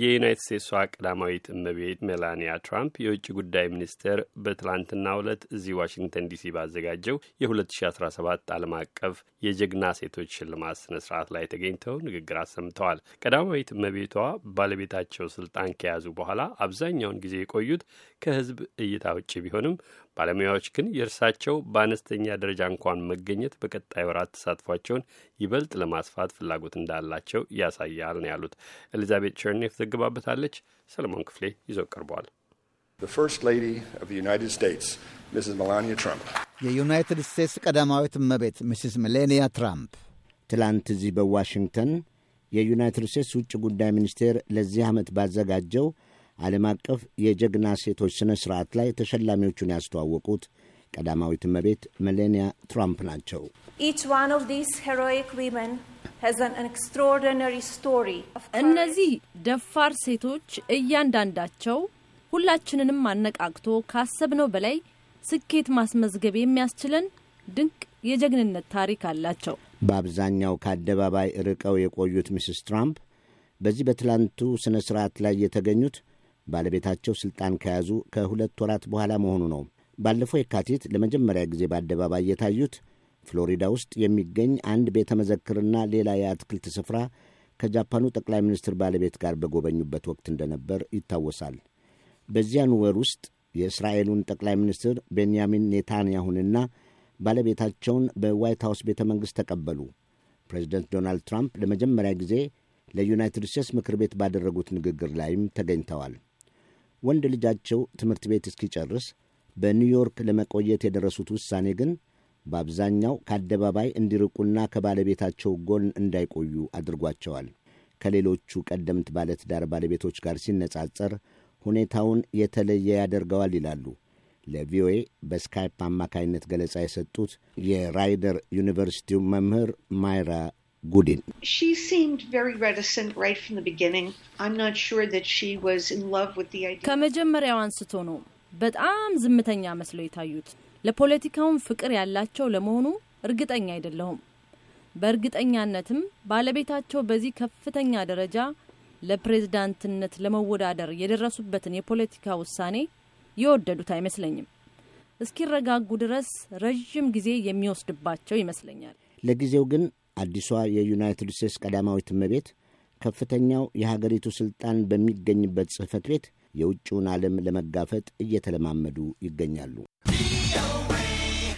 የዩናይት ስቴትሷ ቀዳማዊት እመቤት ሜላኒያ ትራምፕ የውጭ ጉዳይ ሚኒስቴር በትላንትናው ዕለት እዚህ ዋሽንግተን ዲሲ ባዘጋጀው የ2017 ዓለም አቀፍ የጀግና ሴቶች ሽልማት ስነ ስርዓት ላይ ተገኝተው ንግግር አሰምተዋል። ቀዳማዊት እመቤቷ ባለቤታቸው ስልጣን ከያዙ በኋላ አብዛኛውን ጊዜ የቆዩት ከህዝብ እይታ ውጭ ቢሆንም ባለሙያዎች ግን የእርሳቸው በአነስተኛ ደረጃ እንኳን መገኘት በቀጣይ ወራት ተሳትፏቸውን ይበልጥ ለማስፋት ፍላጎት እንዳላቸው ያሳያል ነው ያሉት። ኤሊዛቤት ቸርኔፍ ዘግባበታለች። ሰለሞን ክፍሌ ይዞ ቀርቧል። የዩናይትድ ስቴትስ ቀዳማዊት እመቤት ሚስስ ሜላኒያ ትራምፕ ትላንት እዚህ በዋሽንግተን የዩናይትድ ስቴትስ ውጭ ጉዳይ ሚኒስቴር ለዚህ ዓመት ባዘጋጀው ዓለም አቀፍ የጀግና ሴቶች ሥነ ሥርዓት ላይ ተሸላሚዎቹን ያስተዋወቁት ቀዳማዊት እመቤት መሌኒያ ትራምፕ ናቸው። እነዚህ ደፋር ሴቶች እያንዳንዳቸው ሁላችንንም አነቃቅቶ ካሰብነው በላይ ስኬት ማስመዝገብ የሚያስችለን ድንቅ የጀግንነት ታሪክ አላቸው። በአብዛኛው ከአደባባይ ርቀው የቆዩት ሚስስ ትራምፕ በዚህ በትላንቱ ሥነ ሥርዓት ላይ የተገኙት ባለቤታቸው ስልጣን ከያዙ ከሁለት ወራት በኋላ መሆኑ ነው። ባለፈው የካቲት ለመጀመሪያ ጊዜ በአደባባይ የታዩት ፍሎሪዳ ውስጥ የሚገኝ አንድ ቤተ መዘክርና ሌላ የአትክልት ስፍራ ከጃፓኑ ጠቅላይ ሚኒስትር ባለቤት ጋር በጎበኙበት ወቅት እንደነበር ይታወሳል። በዚያን ወር ውስጥ የእስራኤሉን ጠቅላይ ሚኒስትር ቤንያሚን ኔታንያሁንና ባለቤታቸውን በዋይት ሀውስ ቤተ መንግሥት ተቀበሉ። ፕሬዚደንት ዶናልድ ትራምፕ ለመጀመሪያ ጊዜ ለዩናይትድ ስቴትስ ምክር ቤት ባደረጉት ንግግር ላይም ተገኝተዋል። ወንድ ልጃቸው ትምህርት ቤት እስኪጨርስ በኒውዮርክ ለመቆየት የደረሱት ውሳኔ ግን በአብዛኛው ከአደባባይ እንዲርቁና ከባለቤታቸው ጎን እንዳይቆዩ አድርጓቸዋል። ከሌሎቹ ቀደምት ባለትዳር ባለቤቶች ጋር ሲነጻጸር ሁኔታውን የተለየ ያደርገዋል ይላሉ ለቪኦኤ በስካይፕ አማካይነት ገለጻ የሰጡት የራይደር ዩኒቨርሲቲው መምህር ማይራ Goodin. She seemed very reticent right from the beginning. I'm not sure that she was in love with the idea. ከመጀመሪያው አንስቶ ነው በጣም ዝምተኛ መስለው የታዩት። ለፖለቲካውን ፍቅር ያላቸው ለመሆኑ እርግጠኛ አይደለሁም። በእርግጠኛነትም ባለቤታቸው በዚህ ከፍተኛ ደረጃ ለፕሬዝዳንትነት ለመወዳደር የደረሱበትን የፖለቲካ ውሳኔ የወደዱት አይመስለኝም። እስኪረጋጉ ድረስ ረዥም ጊዜ የሚወስድባቸው ይመስለኛል። ለጊዜው ግን አዲሷ የዩናይትድ ስቴትስ ቀዳማዊት እመቤት ከፍተኛው የሀገሪቱ ሥልጣን በሚገኝበት ጽሕፈት ቤት የውጭውን ዓለም ለመጋፈጥ እየተለማመዱ ይገኛሉ።